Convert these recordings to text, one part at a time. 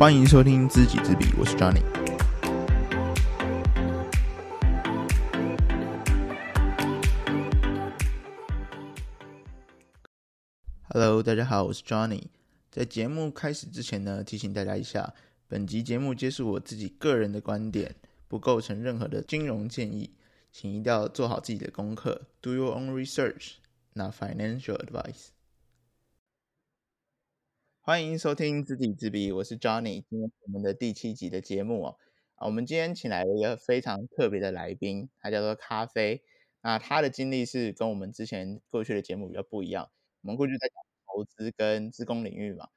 歡迎收聽資己資彼，我是 Johnny。Hello，大家好，我是 Johnny。在節目開始之前呢，提醒大家一下，本集節目皆是我自己個人的觀點，不構成任何的金融建議，請一定要做好自己的功課，Do your own research，not financial advice。歡迎收聽《資己資彼》，我是 Johnny。今天我們的第七集的節目哦，啊，我們今天請來了一個非常特別的來賓，他叫做咖啡。那他的經歷是跟我們之前過去的節目比較不一樣。我們過去在講投資跟資工領域嘛，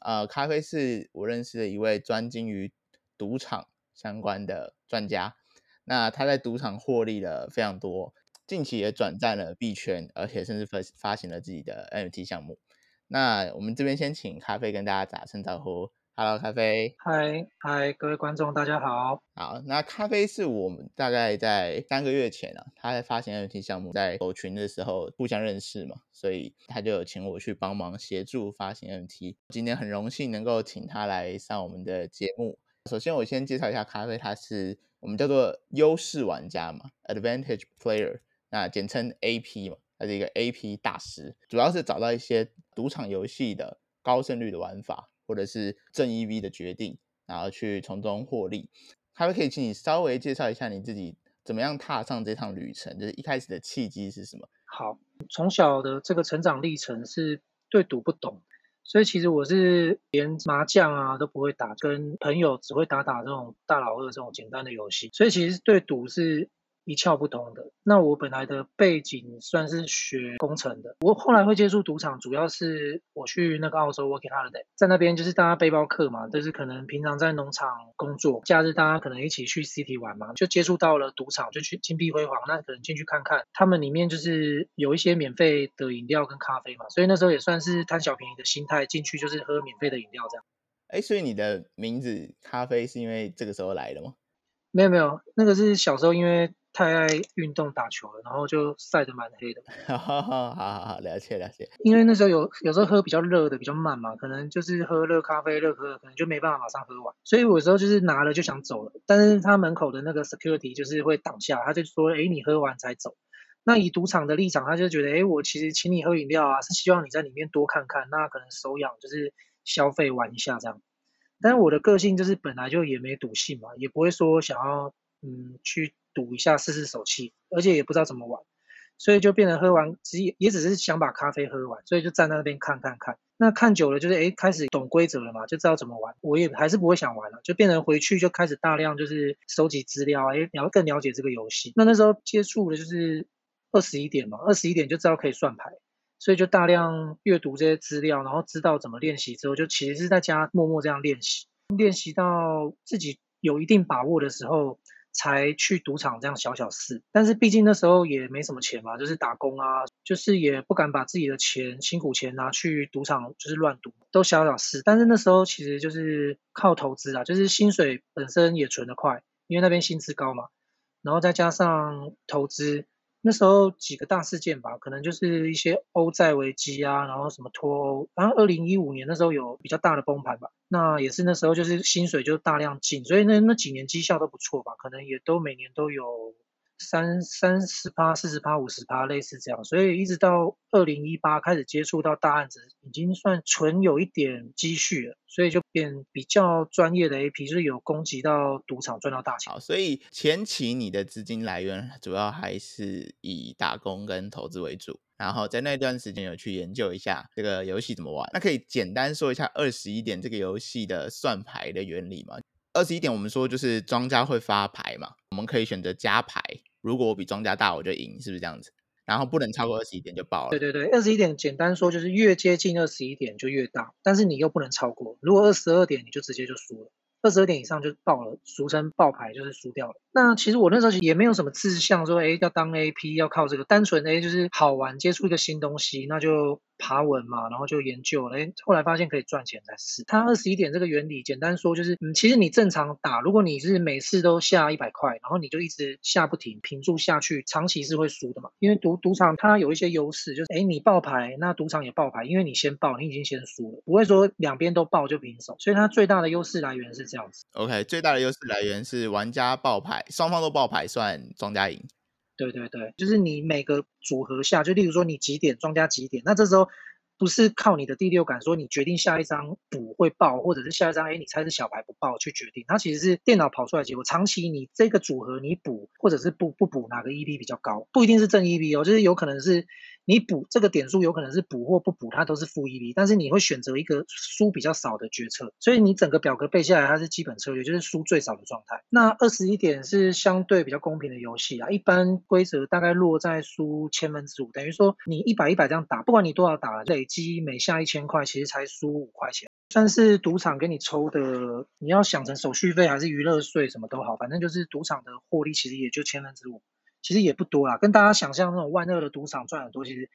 呃，咖啡是我認識的一位專精於賭場相關的專家。那他在賭場獲利了非常多，近期也轉戰了幣圈，而且甚至發發行了自己的 NFT 項目。那我們這邊先請咖啡跟大家打聲招呼。Hello，咖啡。嗨嗨，各位觀眾大家好。好，那咖啡是我們大概在三個月前啊，他在發行 NFT 項目在狗群的時候互相認識嘛，所以他就有請我去幫忙協助發行 NFT。今天很榮幸能夠請他來上我們的節目。首先我先介紹一下咖啡，他是我們叫做優勢玩家嘛，Advantage Player，那簡稱 AP 嘛。它是一個 AP 大師，主要是找到一些賭場遊戲的高勝率的玩法，或者是正 EV 的決定，然後去從中獲利。還有可以請你稍微介紹一下你自己怎麼樣踏上這趟旅程，就是一開始的契機是什麼？好，從小的這個成長歷程是對賭不懂，所以其實我是連麻將啊都不會打，跟朋友只會打打這種大老二這種簡單的遊戲，所以其實對賭是。一竅不通的。那我本來的背景算是學工程的，我後來會接觸賭場，主要是我去那個澳洲 Working Holiday，在那邊就是大家背包客嘛，就是可能平常在農場工作，假日大家可能一起去 City 玩嘛，就接觸到了賭場，就去金碧輝煌，那可能進去看看，他們裡面就是有一些免費的飲料跟咖啡嘛，所以那時候也算是貪小便宜的心態進去，就是喝免費的飲料這樣。哎、欸，所以你的名字咖啡是因為這個時候來的嗎？沒有沒有，那個是小時候因為太愛運動打球了，然後就曬得蠻黑的。好 好好，了解了解。因為那時候有有時候喝比較熱的比較慢嘛，可能就是喝熱咖啡熱喝的，可能就沒辦法馬上喝完，所以我有時候就是拿了就想走了，但是他門口的那個 security 就是會擋下，他就說：“哎，你喝完才走。”那以賭場的立場，他就覺得：“哎，我其實請你喝飲料啊，是希望你在裡面多看看，那可能手癢就是消費玩一下這樣。”但是我的個性就是本來就也沒賭性嘛，也不會說想要嗯去。賭一下試試手氣，而且也不知道怎麼玩，所以就變成喝完，其實也只是想把咖啡喝完，所以就站在那邊看看看。那看久了就是誒，開始懂規則了嘛，就知道怎麼玩。我也還是不會想玩了，就變成回去就開始大量就是收集資料，誒，了更了解這個遊戲。那那時候接觸的就是二十一點嘛，二十一點就知道可以算牌，所以就大量閱讀這些資料，然後知道怎麼練習之後，就其實是在家默默這樣練習，練習到自己有一定把握的時候。才去賭場這樣小小試，但是畢竟那時候也沒什麼錢嘛，就是打工啊，就是也不敢把自己的錢辛苦錢拿去賭場，就是亂賭，都小小試。但是那時候其實就是靠投資啊，就是薪水本身也存得快，因為那邊薪資高嘛，然後再加上投資。那時候幾個大事件吧，可能就是一些歐債危機啊，然後什麼脫歐，然後二零一五年那時候有比較大的崩盤吧，那也是那時候就是薪水就大量進，所以那那幾年績效都不錯吧，可能也都每年都有。三三十趴、四十趴、五十趴，類似這樣，所以一直到二零一八開始接觸到大案子，已經算存有一點積蓄了，所以就變比較專業的 AP，就是有攻擊到賭場賺到大錢。好，所以前期你的資金來源主要還是以打工跟投資為主，然後在那段時間有去研究一下這個遊戲怎麼玩。那可以簡單說一下二十一點這個遊戲的算牌的原理嗎？二十一點我們說就是莊家會發牌嘛，我們可以選擇加牌。如果我比莊家大，我就贏，是不是這樣子？然後不能超過二十一點就爆了。對對對，二十一點簡單說就是越接近二十一點就越大，但是你又不能超過。如果二十二點你就直接就輸了，二十二點以上就爆了，俗稱爆牌就是輸掉了。那其實我那時候也沒有什麼志向說，說、欸、哎要當 A P 要靠這個，單純 A、欸、就是好玩，接觸一個新東西，那就爬文嘛，然後就研究了，欸、後來發現可以賺錢才試。它二十一點這個原理簡單說就是，嗯，其實你正常打，如果你是每次都下一百塊，然後你就一直下不停，平注下去，長期是會輸的嘛，因為賭賭場它有一些優勢，就是哎、欸、你爆牌，那賭場也爆牌，因為你先爆，你已經先輸了，不會說兩邊都爆就平手，所以它最大的優勢來源是這樣子。OK，最大的優勢來源是玩家爆牌。雙方都爆牌算莊家贏，對對對，就是你每個組合下，就例如說你幾點莊家幾點，那這時候不是靠你的第六感說你決定下一張補會爆，或者是下一張哎你猜是小牌不爆去決定，它其實是電腦跑出來結果，長期你這個組合你補或者是不不補，哪個 EV 比較高，不一定是正 EV 哦，就是有可能是。你補這個點數有可能是補或不補，它都是負一釐，但是你會選擇一個輸比較少的決策，所以你整個表格背下來，它是基本策略，就是輸最少的狀態。那二十一點是相對比較公平的遊戲啊。一般規則大概落在輸千分之五，等於說你一百一百這樣打，不管你多少打，累積每下一千塊，其實才輸五塊錢，算是賭場給你抽的。你要想成手續費還是娛樂稅什麼都好，反正就是賭場的獲利其實也就千分之五。其實也不多啦，跟大家想象那種萬惡的賭場賺很多，其實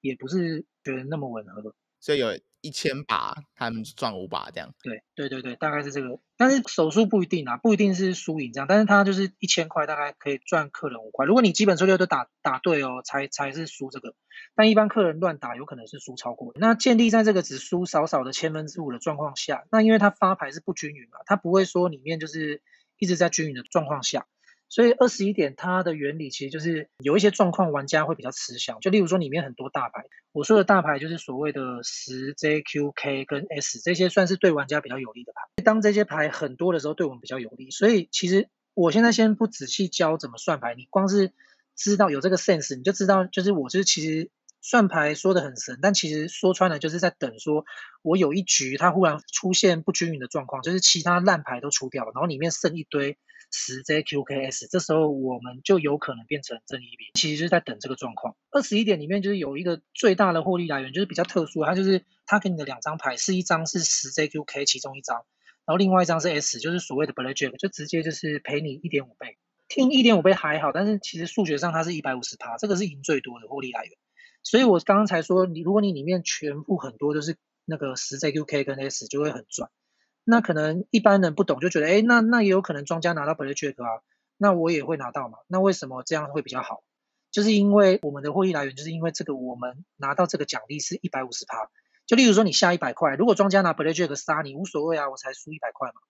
也不是覺得那麼吻合的。所以有一千把，他們賺五把這樣。對對對對，大概是這個。但是手數不一定啊，不一定是輸贏這樣。但是他就是一千塊，大概可以賺客人五塊。如果你基本策略都打打對哦，才才是輸這個。但一般客人亂打，有可能是輸超過。那建立在這個只輸少少的千分之五的狀況下，那因為他發牌是不均勻嘛，他不會說裡面就是一直在均勻的狀況下。所以二十一點它的原理其實就是有一些狀況，玩家會比較吃香。就例如說裡面很多大牌，我說的大牌就是所謂的十、J、Q、K 跟 S 這些，算是對玩家比較有利的牌。當這些牌很多的時候，對我們比較有利。所以其實我現在先不仔細教怎麼算牌，你光是知道有這個 sense，你就知道就是我就是其實算牌說的很神，但其實說穿了就是在等，說我有一局它忽然出現不均勻的狀況，就是其他爛牌都出掉了，然後裡面剩一堆。十 JQKS，這時候我們就有可能變成正一比，其實就是在等這個狀況。二十一點裡面就是有一個最大的獲利來源，就是比較特殊的，它就是它給你的兩張牌是一張是十 JQK 其中一張，然後另外一張是 S，就是所謂的 Blackjack，就直接就是賠你一點五倍。聽一點五倍還好，但是其實數學上它是一百五十趴，這個是贏最多的獲利來源。所以我剛剛才說，你如果你裡面全部很多都是那個十 JQK 跟 S，就會很賺。那可能一般人不懂，就覺得，哎、欸，那那也有可能莊家拿到 b l e c t j a c k 啊，那我也會拿到嘛。那為什麼這樣會比較好？就是因為我們的獲利來源，就是因為這個，我們拿到這個獎勵是一百五十趴。就例如說，你下一百塊，如果莊家拿 b l e c t j a c k 殺你，無所謂啊，我才輸一百塊嘛。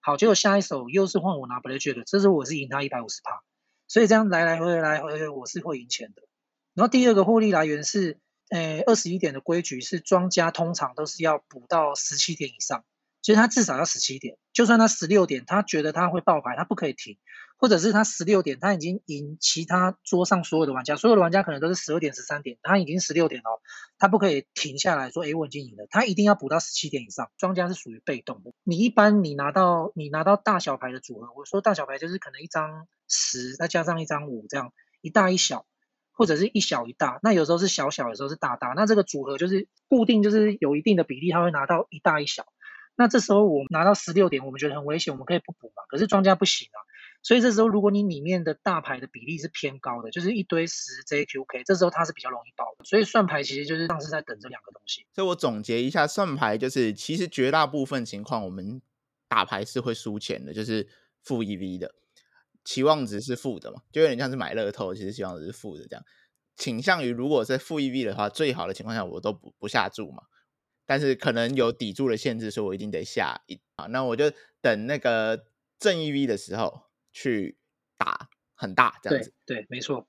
好，結果下一手又是換我拿 b l e c t j a c k 這是我是贏他一百五十趴，所以這樣來來回來來回來回回，我是會贏錢的。然後第二個獲利來源是，誒、哎，二十一點的規矩是莊家通常都是要補到十七點以上。其實他至少要十七點，就算他十六點，他覺得他會爆牌，他不可以停，或者是他十六點，他已經贏其他桌上所有的玩家，所有的玩家可能都是十二點、十三點，他已經十六點了。他不可以停下來說，誒，我已經贏了，他一定要補到十七點以上。莊家是屬於被動的，你一般你拿到你拿到大小牌的組合，我說大小牌就是可能一張十再加上一張五這樣，一大一小，或者是一小一大，那有時候是小小，有時候是大大，那這個組合就是固定就是有一定的比例，他會拿到一大一小。那這時候我拿到十六點，我們覺得很危險，我們可以不補嘛？可是莊家不行啊，所以這時候如果你裡面的大牌的比例是偏高的，就是一堆十、J、Q、K，這時候它是比較容易爆的。所以算牌其實就是像是在等這兩個東西。所以我總結一下，算牌就是其實絕大部分情況我們打牌是會輸錢的，就是負 EV 的，期望值是負的嘛，就有點像是買樂透，其實期望值是負的這樣，傾向於如果在負 EV 的話，最好的情況下我都不不下注嘛。但是可能有底注的限制，所以我一定得下一啊，那我就等那個正 EV 的時候去打很大這樣子對。對，沒錯。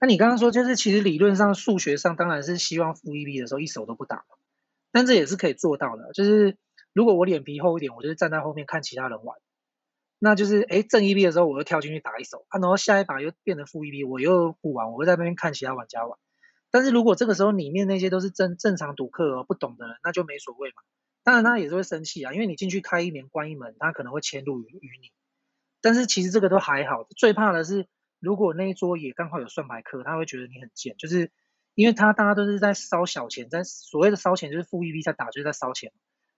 那、啊、你剛剛說就是，其實理論上數學上當然是希望負 EV 的時候一手都不打嘛，但這也是可以做到的。就是如果我臉皮厚一點，我就是站在後面看其他人玩，那就是哎正 EV 的時候我又跳進去打一手啊，然後下一把又變成負 EV，我又不玩，我會在那邊看其他玩家玩。但是如果這個時候裡面那些都是正正常賭客哦，不懂的人，那就沒所謂嘛。當然他也是會生氣啊，因為你進去開一年關一門，他可能會遷怒於於你。但是其實這個都還好，最怕的是如果那一桌也剛好有算牌客，他會覺得你很賤，就是因為他大家都是在燒小錢，在所謂的燒錢就是負一 v 在打，就是在燒錢。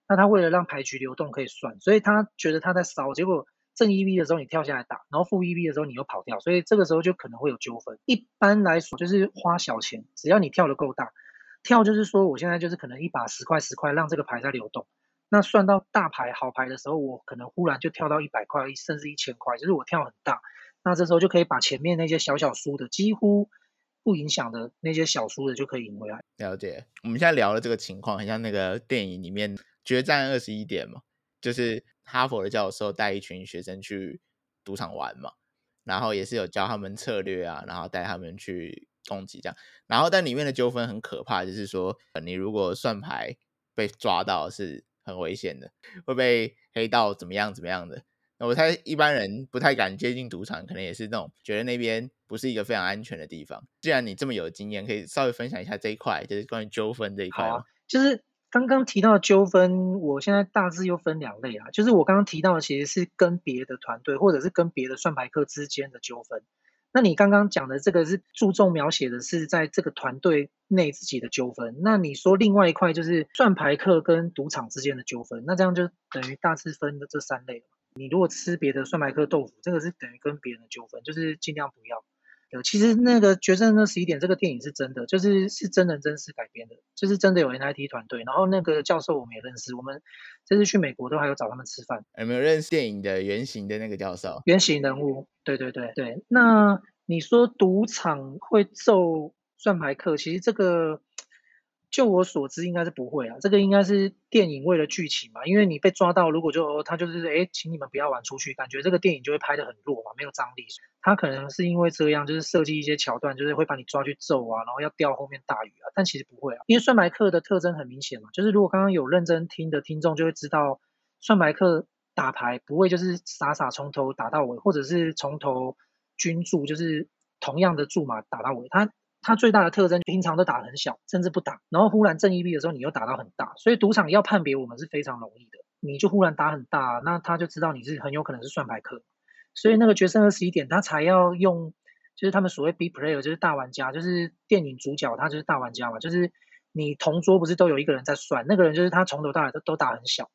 那他為了讓牌局流動可以算，所以他覺得他在燒，結果。正 EV 的時候你跳下來打，然後負 EV 的時候你又跑掉，所以這個時候就可能會有糾紛。一般來說就是花小錢，只要你跳得夠大，跳就是說我現在就是可能一把十塊十塊，讓這個牌在流動。那算到大牌好牌的時候，我可能忽然就跳到一百塊，甚至一千塊，就是我跳很大。那這時候就可以把前面那些小小輸的，幾乎不影響的那些小輸的就可以贏回來。了解，我們現在聊的這個情況，很像那個電影裡面決戰二十一點嘛，就是。哈佛的教授帶一群學生去賭場玩嘛，然後也是有教他們策略啊，然後帶他們去攻擊這樣，然後但裡面的糾紛很可怕，就是說你如果算牌被抓到是很危險的，會被黑道怎麼樣怎麼樣的。那我猜一般人不太敢接近賭場，可能也是那種覺得那邊不是一個非常安全的地方。既然你這麼有經驗，可以稍微分享一下這一塊，就是關於糾紛這一塊。好，就是。剛剛提到的糾紛，我現在大致又分兩類啊，就是我剛剛提到的其實是跟別的團隊或者是跟別的算牌客之間的糾紛。那你剛剛講的這個是注重描寫的是在這個團隊內自己的糾紛。那你說另外一塊就是算牌客跟賭場之間的糾紛，那這樣就等於大致分的這三類。你如果吃別的算牌客豆腐，這個是等於跟別人的糾紛，就是盡量不要。對，其實那個《決勝的十一點》這個電影是真的，就是是真人真事改編的，就是真的有 NIT 團隊，然後那個教授我們也認識，我們這次去美國都還有找他們吃飯，有沒有認識電影的原型的那個教授？原型人物，對對對對。那你說賭場會揍算牌客，其實這個。就我所知，應該是不會啊。這個應該是電影為了劇情嘛，因為你被抓到，如果就、哦、他就是哎，請你們不要玩出去，感覺這個電影就會拍得很弱嘛，沒有張力。他可能是因為這樣，就是設計一些橋段，就是會把你抓去揍啊，然後要釣後面大魚啊。但其實不會啊，因為算牌客的特徵很明顯嘛，就是如果剛剛有認真聽的聽眾就會知道，算牌客打牌不會就是傻傻從頭打到尾，或者是從頭均注，就是同樣的注碼打到尾，他。他最大的特徵，平常都打很小，甚至不打，然後忽然正一幣的時候，你又打到很大，所以賭場要判別我們是非常容易的。你就忽然打很大，那他就知道你是很有可能是算牌客，所以那個決勝二十一點他才要用，就是他們所謂 big player 就是大玩家，就是電影主角，他就是大玩家嘛，就是你同桌不是都有一個人在算，那個人就是他從頭到尾都都打很小，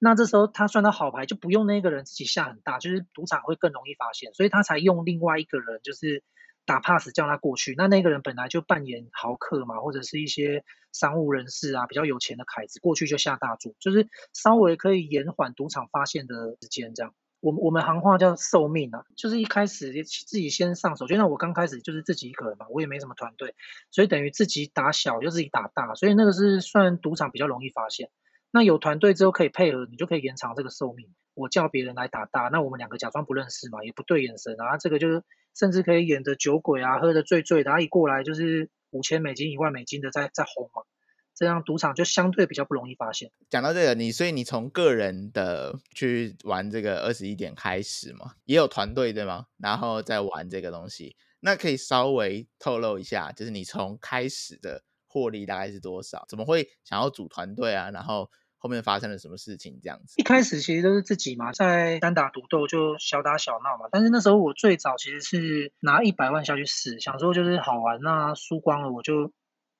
那這時候他算到好牌就不用那個人自己下很大，就是賭場會更容易發現，所以他才用另外一個人就是。打 pass 叫他過去，那那個人本來就扮演豪客嘛，或者是一些商務人士啊，比較有錢的凱子，過去就下大注，就是稍微可以延緩賭場發現的時間，這樣。我們我們行話叫壽命啊，就是一開始自己先上手，就像我剛開始就是自己一個人嘛，我也沒什麼團隊，所以等於自己打小就自己打大，所以那個是算賭場比較容易發現。那有團隊之後可以配合，你就可以延長這個壽命。我叫別人來打大，那我們兩個假裝不認識嘛，也不對眼神啊。然後這個就是甚至可以演的酒鬼啊，喝得醉醉的，然後一過來就是五千美金、一萬美金的在在哄嘛。這樣賭場就相對比較不容易發現。講到這個，你所以你從個人的去玩這個二十一點開始嘛，也有團隊對嗎？然後再玩這個東西，那可以稍微透露一下，就是你從開始的獲利大概是多少？怎麼會想要組團隊啊？然後後面發生了什麼事情？這樣子，一開始其實都是自己嘛，在單打獨鬥，就小打小鬧嘛。但是那時候我最早其實是拿一百萬下去試，想說就是好玩，那輸光了我就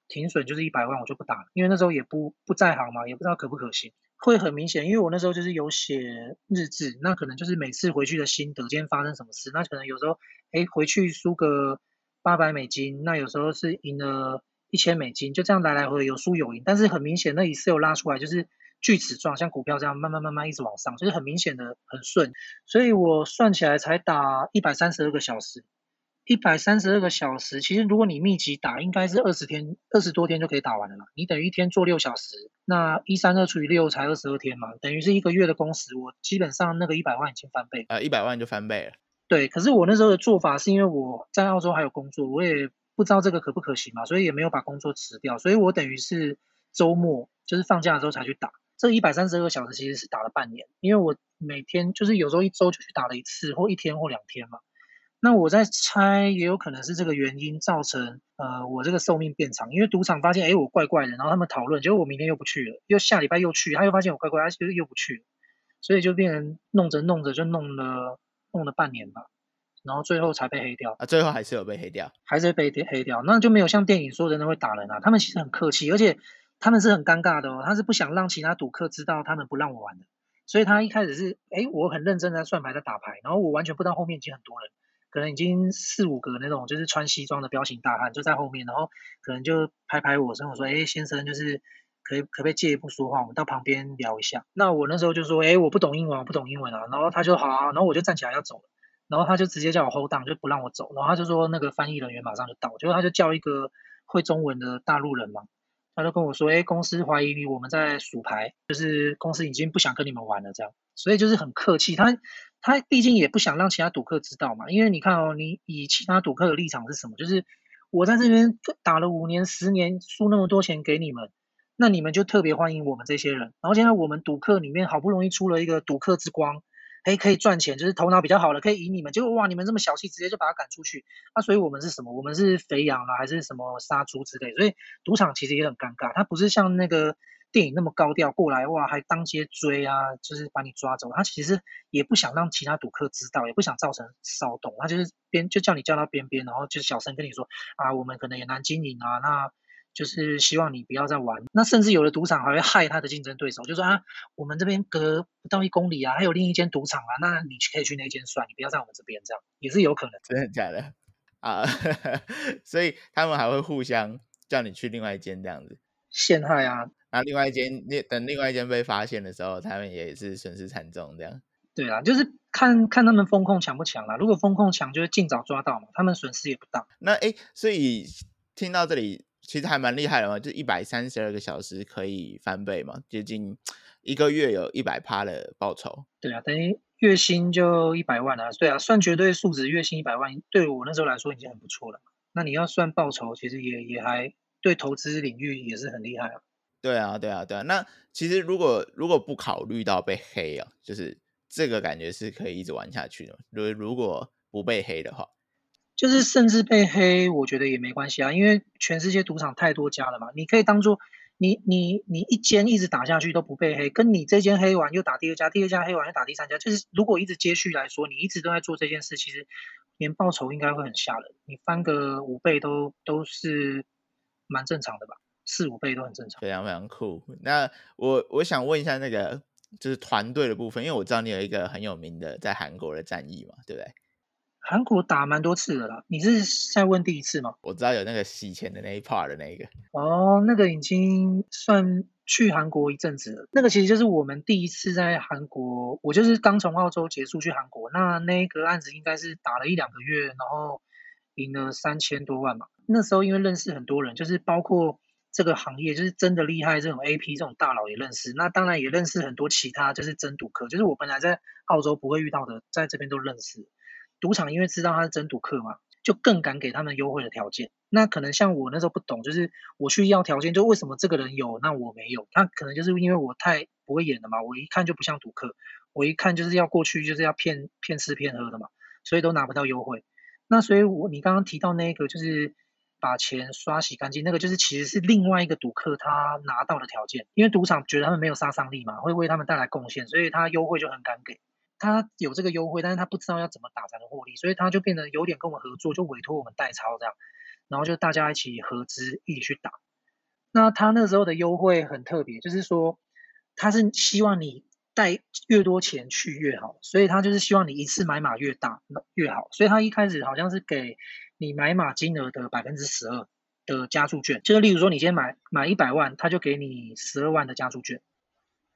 停損，就是一百萬我就不打了，因為那時候也不不在行嘛，也不知道可不可行。會很明顯，因為我那時候就是有寫日志，那可能就是每次回去的心得，今天發生什麼事，那可能有時候誒、欸、回去輸個八百美金，那有時候是贏了一千美金，就這樣來來回回有輸有贏。但是很明顯，那一次有拉出來就是。鋸齒狀，像股票這樣慢慢慢慢一直往上，就是很明顯的很順，所以我算起來才打一百三十二個小時，一百三十二個小時，其實如果你密集打，應該是二十天二十多天就可以打完了啦。你等於一天做六小時，那一三二除以六才二十二天嘛，等於是一個月的工時。我基本上那個一百萬已經翻倍，啊，一百萬就翻倍了。對，可是我那時候的做法是因為我在澳洲還有工作，我也不知道這個可不可行嘛，所以也沒有把工作辭掉，所以我等於是週末就是放假的時候才去打。這一百三十二小時其實是打了半年，因為我每天就是有時候一週就去打了一次，或一天或兩天嘛。那我在猜，也有可能是這個原因造成，呃，我這個壽命變長。因為賭場發現，誒我怪怪的，然後他們討論，結果，我明天又不去了，又下禮拜又去，他又發現我怪怪，他就又又不去了，所以就變成弄着弄着就弄了弄了半年吧。然後最後才被黑掉啊，最後還是有被黑掉，還是被黑掉，那就沒有像電影說的那會打人啊，他們其實很客氣，而且。他們是很尷尬的哦，他是不想讓其他賭客知道他們不讓我玩的，所以他一開始是，誒，我很認真的在算牌在打牌，然後我完全不知道後面已經很多人，可能已經四五個那種就是穿西裝的彪形大漢就在後面，然後可能就拍拍我身，我說，誒，先生就是可，可可不可以借一步說話？我們到旁邊聊一下。那我那時候就說，誒，我不懂英文啊，我不懂英文啊。然後他就好啊，然後我就站起來要走了，然後他就直接叫我 hold down，就不讓我走，然後他就說那個翻譯人員馬上就到，結果他就叫一個會中文的大陸人嘛。他就跟我說，哎、欸，公司懷疑你我們在數牌，就是公司已經不想跟你們玩了，這樣，所以就是很客氣。他他畢竟也不想讓其他賭客知道嘛，因為你看哦，你以其他賭客的立場是什麼？就是我在這邊打了五年、十年，輸那麼多錢給你們，那你們就特別歡迎我們這些人。然後現在我們賭客裡面好不容易出了一個賭客之光。哎，可以賺錢，就是頭腦比較好的，可以贏你們，結果哇，你們這麼小氣，直接就把他趕出去。那、啊、所以我們是什麼？我們是肥羊啊，還是什麼殺豬之類？所以賭場其實也很尷尬，他不是像那個電影那麼高調過來，哇，還當街追啊，就是把你抓走。他其實也不想讓其他賭客知道，也不想造成騷動，他就是邊就叫你叫到邊邊，然後就小聲跟你說啊，我們可能也難經營啊，那。就是希望你不要再玩，那甚至有的賭場還會害他的競爭對手，就說啊，我們這邊隔不到一公里啊，還有另一間賭場啊，那你可以去那間算，你不要在我們這邊這樣，也是有可能。真的假的啊？呵呵。所以他們還會互相叫你去另外一間這樣子陷害啊。那另外一間，那等另外一間被發現的時候，他們也是損失慘重這樣。對啊，就是看看他們風控強不強啦，如果風控強，就是儘早抓到嘛，他們損失也不大。那欸，所以聽到這裡。其實還蠻厲害的嘛，就一百三十二個小時可以翻倍嘛，接近一個月有一百趴的報酬。對啊，等於月薪就一百萬啊，對啊，算絕對數值，月薪一百萬，對我那時候來說已經很不錯了。那你要算報酬，其實也也還，對投資領域也是很厲害啊。對啊，對啊，對啊。那其實如果如果不考慮到被黑啊，就是這個感覺是可以一直玩下去的嘛。如如果不被黑的話。就是甚至被黑，我覺得也沒關係啊，因為全世界賭場太多家了嘛，你可以當做，你你你一間一直打下去都不被黑，跟你這間黑完又打第二家，第二家黑完又打第三家，就是如果一直接續來說，你一直都在做這件事，其實連報酬應該會很嚇人，你翻個五倍都都是蠻正常的吧，四五倍都很正常。非常非常酷。那我我想問一下那個，就是團隊的部分，因為我知道你有一個很有名的在韓國的戰役嘛，對不對？韓國打蠻多次的啦，你是在問第一次嗎？我知道有那個洗錢的那一 part 的那一個，哦，那個已經算去韓國一陣子了。那個其實就是我們第一次在韓國，我就是剛從澳洲結束去韓國，那那個案子應該是打了一兩個月，然後贏了三千多萬嘛。那時候因為認識很多人，就是包括這個行業，就是真的厲害這種 AP 這種大佬也認識，那當然也認識很多其他就是真賭客，就是我本來在澳洲不會遇到的，在這邊都認識。賭場因為知道他是真賭客嘛，就更敢給他們優惠的條件。那可能像我那時候不懂，就是我去要條件，就為什麼這個人有，那我沒有？那可能就是因為我太不會演了嘛，我一看就不像賭客，我一看就是要過去就是要騙騙吃騙喝的嘛，所以都拿不到優惠。那所以我你剛剛提到那個就是把錢刷洗乾淨，那個就是其實是另外一個賭客他拿到的條件，因為賭場覺得他們沒有殺傷力嘛，會為他們帶來貢獻，所以他優惠就很敢給。他有這個優惠，但是他不知道要怎麼打才能獲利，所以他就變得有點跟我們合作，就委託我們代操這樣，然後就大家一起合資一起去打。那他那時候的優惠很特別，就是說他是希望你帶越多錢去越好，所以他就是希望你一次買碼越大越好，所以他一開始好像是給你買碼金額的百分之十二的加注券，就是例如說你今天買買一百萬，他就給你十二萬的加注券。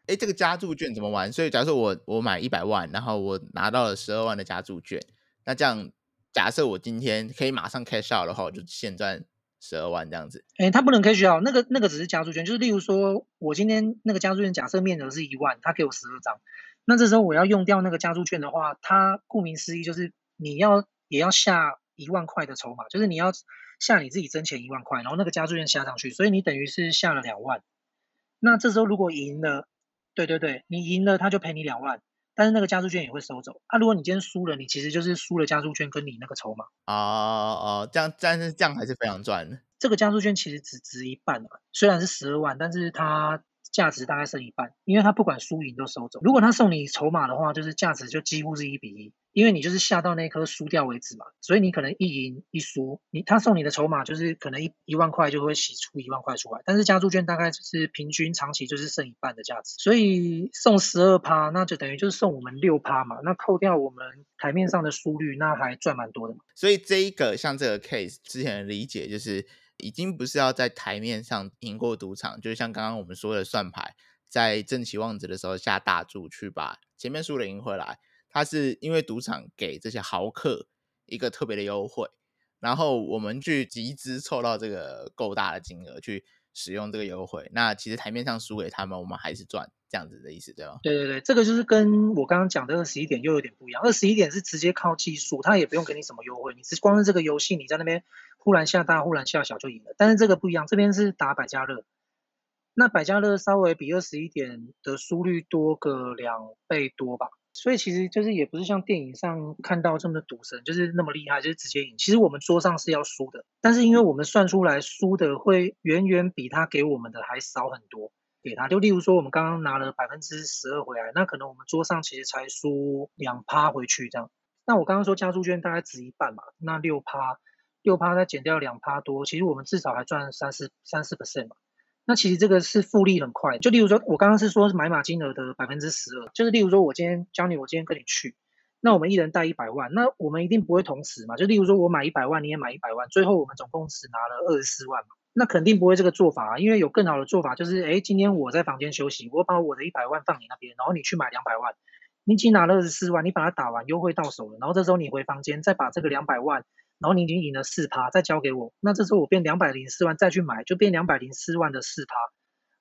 哎，這個加注券怎麼玩？所以假設我我買一百萬，然後我拿到了十二萬的加注券，那這樣假設我今天可以馬上 cash out 的話，我就現賺十二萬這樣子。哎，它不能 cash out，那個那個只是加注券，就是例如說，我今天那個加注券假設面額是一萬，他給我十二張，那這時候我要用掉那個加注券的話，他顧名思義就是你要也要下一萬塊的籌碼，就是你要下你自己真錢一萬塊，然後那個加注券下上去，所以你等於是下了兩萬。那這時候如果贏了。對對對，你贏了他就賠你兩萬，但是那個加速券也會收走。啊，如果你今天輸了，你其實就是輸了加速券跟你那個籌碼。哦，哦哦，這樣，但是這樣還是非常賺的。這個加速券其實只值一半啊，雖然是十二萬，但是它。價值大概剩一半，因為他不管輸贏都收走。如果他送你籌碼的話，就是價值就幾乎是一比一，因為你就是下到那顆輸掉為止嘛，所以你可能一贏一輸，你他送你的籌碼就是可能一一萬塊就會洗出一萬塊出來，但是加注券大概就是平均長期就是剩一半的價值，所以送十二趴，那就等於就是送我們六趴嘛，那扣掉我們台面上的輸率，那還賺蠻多的嘛。所以這一個像這個 case 之前的理解就是。已經不是要在台面上贏過賭場，就是像剛剛我們說的算牌，在正期望值的時候下大注去把前面輸了贏回來。它是因為賭場給這些豪客一個特別的優惠，然後我們去集資湊到這個夠大的金額去使用這個優惠。那其實台面上輸給他們，我們還是賺這樣子的意思，對嗎？對對對，這個就是跟我剛剛講的二十一點又有點不一樣。二十一點是直接靠技術，他也不用給你什麼優惠，你只光是這個遊戲你在那邊。忽然下大，忽然下小就贏了，但是這個不一樣，這邊是打百家樂，那百家樂稍微比二十一點的輸率多個兩倍多吧，所以其實就是也不是像電影上看到這麼賭神就是那麼厲害，就是直接贏。其實我們桌上是要輸的，但是因為我們算出來輸的會遠遠比他給我們的還少很多，給他就例如說我們剛剛拿了百分之十二回來，那可能我們桌上其實才輸兩趴回去這樣。那我剛剛說加注券大概值一半嘛，那六趴。六趴再減掉兩趴多，其實我們至少還賺三四三四 percent 嘛，那其實這個是複利很快，就例如說，我剛剛是說買碼金額的百分之十二，就是例如說，我今天教你，我今天跟你去，那我們一人帶一百萬，那我們一定不會同時嘛。就例如說，我買一百萬，你也買一百萬，最後我們總共只拿了二十四萬嘛，那肯定不會這個做法啊，因為有更好的做法，就是哎，今天我在房間休息，我把我的一百萬放你那邊，然後你去買兩百萬，你僅拿了二十四萬，你把它打完優惠到手了，然後這時候你回房間再把這個兩百萬。然後你已經贏了四趴，再交給我，那這時候我變兩百零四萬再去買，就變兩百零四萬的四趴，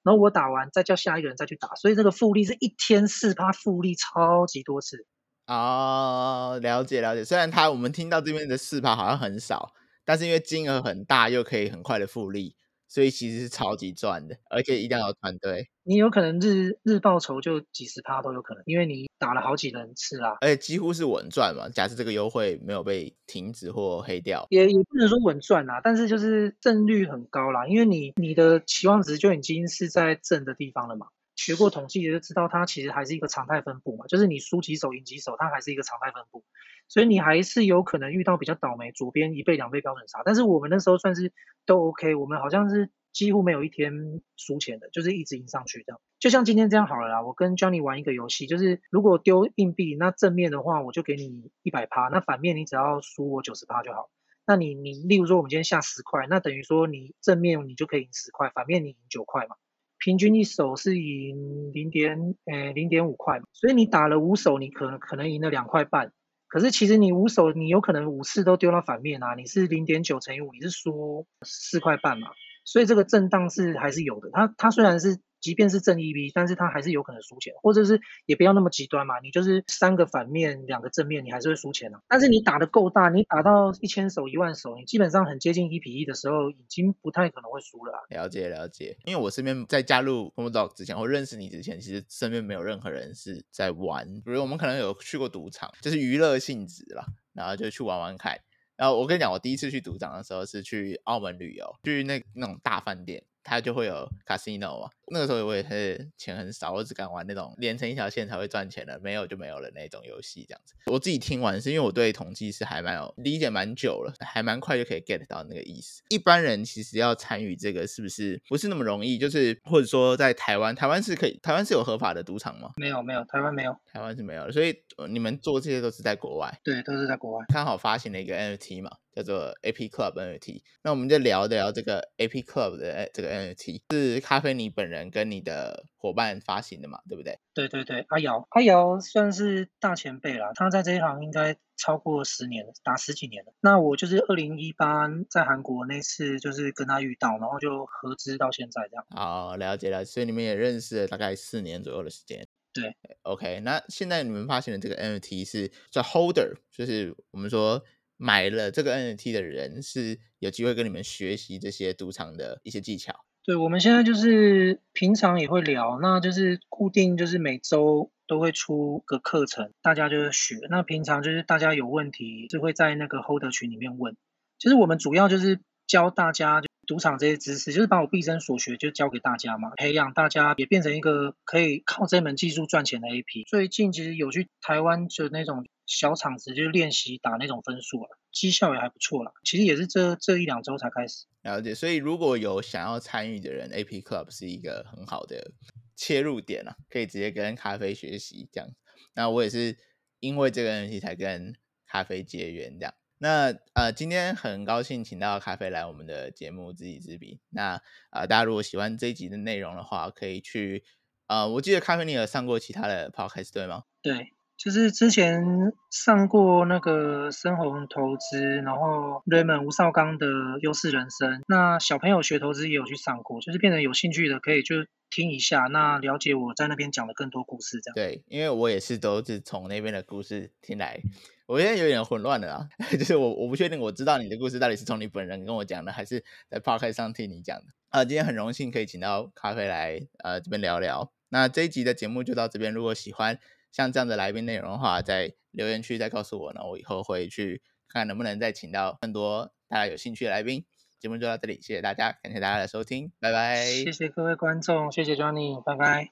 然後我打完再叫下一個人再去打，所以這個複利是一天四趴，複利超級多次。哦，了解了解。雖然他我們聽到這邊的四趴好像很少，但是因為金額很大，又可以很快的複利。所以其實是超級賺的，而且一定要有團隊。你有可能日日報酬就幾十趴都有可能，因為你打了好幾人次啦、啊，而且幾乎是穩賺嘛。假設這個優惠沒有被停止或黑掉，也也不能說穩賺啦，但是就是勝率很高啦，因為你你的期望值就已經是在正的地方了嘛。學過統計也就知道，它其實還是一個常態分布嘛，就是你輸幾手贏幾手，它還是一個常態分布，所以你還是有可能遇到比較倒霉，左邊一倍兩倍標準差。但是我們那時候算是都 OK，我們好像是幾乎沒有一天輸錢的，就是一直贏上去這樣。就像今天這樣好了啦，我跟 Johnny 玩一個遊戲，就是如果丟硬幣，那正面的話我就給你一百趴，那反面你只要輸我九十趴就好。那你你例如說我們今天下十塊，那等於說你正面你就可以贏十塊，反面你贏九塊嘛。平均一手是贏零點，誒，零點五塊嘛，所以你打了五手，你可可能贏了兩塊半。可是其實你五手，你有可能五次都丟到反面啊，你是零點九乘以五，你是輸四塊半嘛。所以這個震盪是還是有的。它它雖然是。即便是正一比一，但是他還是有可能輸錢，或者是也不要那麼極端嘛。你就是三個反面，兩個正面，你還是會輸錢啊。但是你打得夠大，你打到一千手、一萬手，你基本上很接近一比一的時候，已經不太可能會輸了啊。了解了解，因為我身邊在加入 Home Dog 之前，或認識你之前，其實身邊沒有任何人是在玩。比如我們可能有去過賭場，就是娛樂性質啦，然後就去玩玩看。然後我跟你講，我第一次去賭場的時候是去澳門旅遊，去那那種大飯店。它就會有 casino 啊，那個時候我也是錢很少，我只敢玩那種連成一條線才會賺錢的，沒有就沒有了那種遊戲這樣子。我自己聽完是因為我對統計是還蠻有理解，蠻久了，還蠻快就可以 get 到那個意思。一般人其實要參與這個是不是不是那麼容易？就是或者說在台灣，台灣是可以，台灣是有合法的賭場嗎？沒有沒有，台灣沒有，台灣是沒有的。所以你們做這些都是在國外，對，都是在國外。剛好發行了一個 NFT 嘛。叫做 A P Club N F T。那我們就聊聊這個 A P Club 的 A, 這個 N F T，是咖啡你本人跟你的夥伴發行的嘛？對不對？對對對，阿瑤，阿瑤算是大前輩了，他在這一行應該超過了十年，打十幾年了。那我就是二零一八在韓國那次就是跟他遇到，然後就合資到現在這樣。好，了解了，所以你們也認識了大概四年左右的時間。對，OK，那現在你們發行的這個 N F T 是叫 Holder，就是我們說。買了這個 NFT 的人是有機會跟你們學習這些賭場的一些技巧。對，我們現在就是平常也會聊，那就是固定就是每週都會出個課程，大家就是學。那平常就是大家有問題，就會在那個 holder 群裡面問。其實我們主要就是教大家賭場這些知識，就是把我畢生所學就教給大家嘛，培養大家也變成一個可以靠這門技術賺錢的 AP。最近其實有去台灣就那種，小場子就練習打那種分數啊，績效也還不錯啦。其實也是這這一兩周才開始了解，所以如果有想要參與的人，AP Club 是一個很好的切入點啊，可以直接跟咖啡學習這樣。那我也是因為這個東西才跟咖啡結緣這樣。那呃，今天很高興請到咖啡來我們的節目資己資彼。那呃，大家如果喜歡這一集的內容的話，可以去呃，我記得咖啡你有上過其他的 Podcast 對嗎？對。就是之前上過那個深紅投資，然後 Raymond 吳少剛的《優勢人生》，那小朋友學投資也有去上過，就是變成有興趣的，可以就聽一下，那了解我在那邊講的更多故事這樣。對，因為我也是都是從那邊的故事聽來，我現在有點混亂了啦，就是我我不確定我知道你的故事到底是從你本人跟我講的，還是在 podcast 上聽你講的啊、呃，今天很榮幸可以請到咖啡來呃這邊聊聊，那這一集的節目就到這邊，如果喜歡，像這樣的來賓內容的話，在留言區再告訴我呢，我以後會去看看能不能再請到更多大家有興趣的來賓。節目就到這裡，謝謝大家，感謝大家的收聽，拜拜。謝謝各位觀眾，謝謝 Johnny，拜拜。嗯。